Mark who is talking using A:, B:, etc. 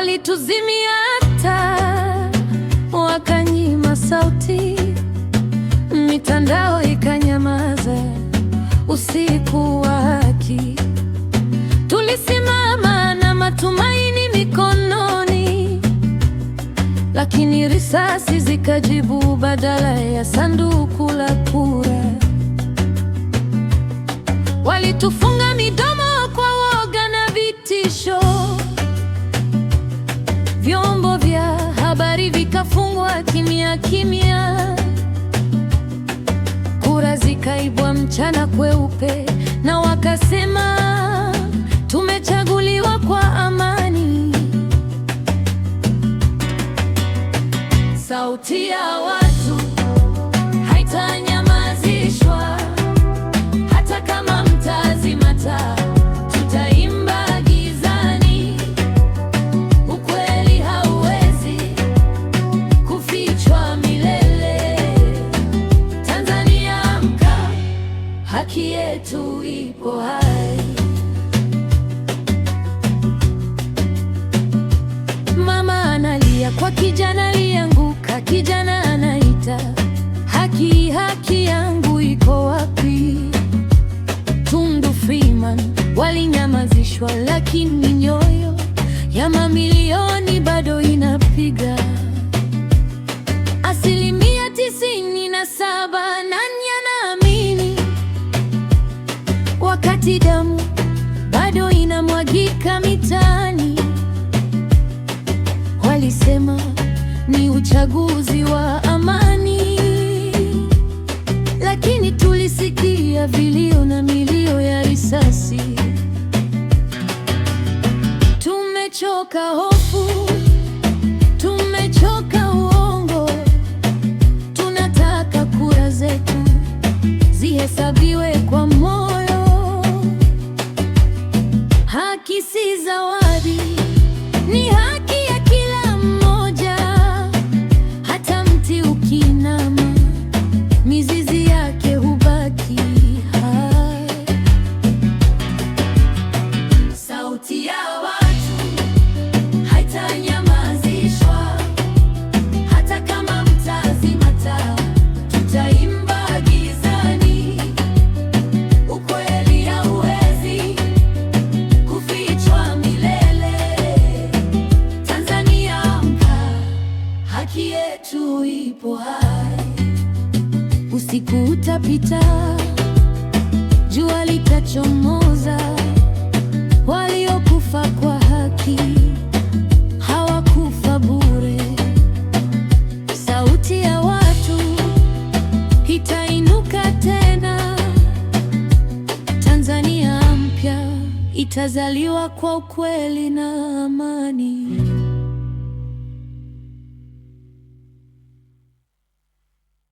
A: Walituzimia taa, wakanyima sauti, mitandao ikanyamaza, usiku wa haki. Tulisimama na matumaini mikononi, lakini risasi zikajibu badala ya sanduku la kura. Walitufunga midomo kufungwa kimya kimya, kura zikaibwa mchana kweupe, na wakasema tumechaguliwa kwa amani.
B: Sauti ya nilipo hai.
A: Mama analia kwa kijana alianguka, kijana anaita haki, haki yangu iko wapi? Tundu Freeman walinyamazishwa, lakini nyoyo ya mamilioni alisema ni uchaguzi wa amani, lakini tulisikia vilio na milio ya risasi. Tumechoka hofu tumechoka uongo tunataka kura zetu Zihesabiwe kwa moyo, haki si zawadi.
B: upo hai.
A: Usiku utapita, jua litachomoza. Waliokufa kwa haki hawakufa bure. Sauti ya watu itainuka tena, Tanzania mpya itazaliwa kwa ukweli na amani.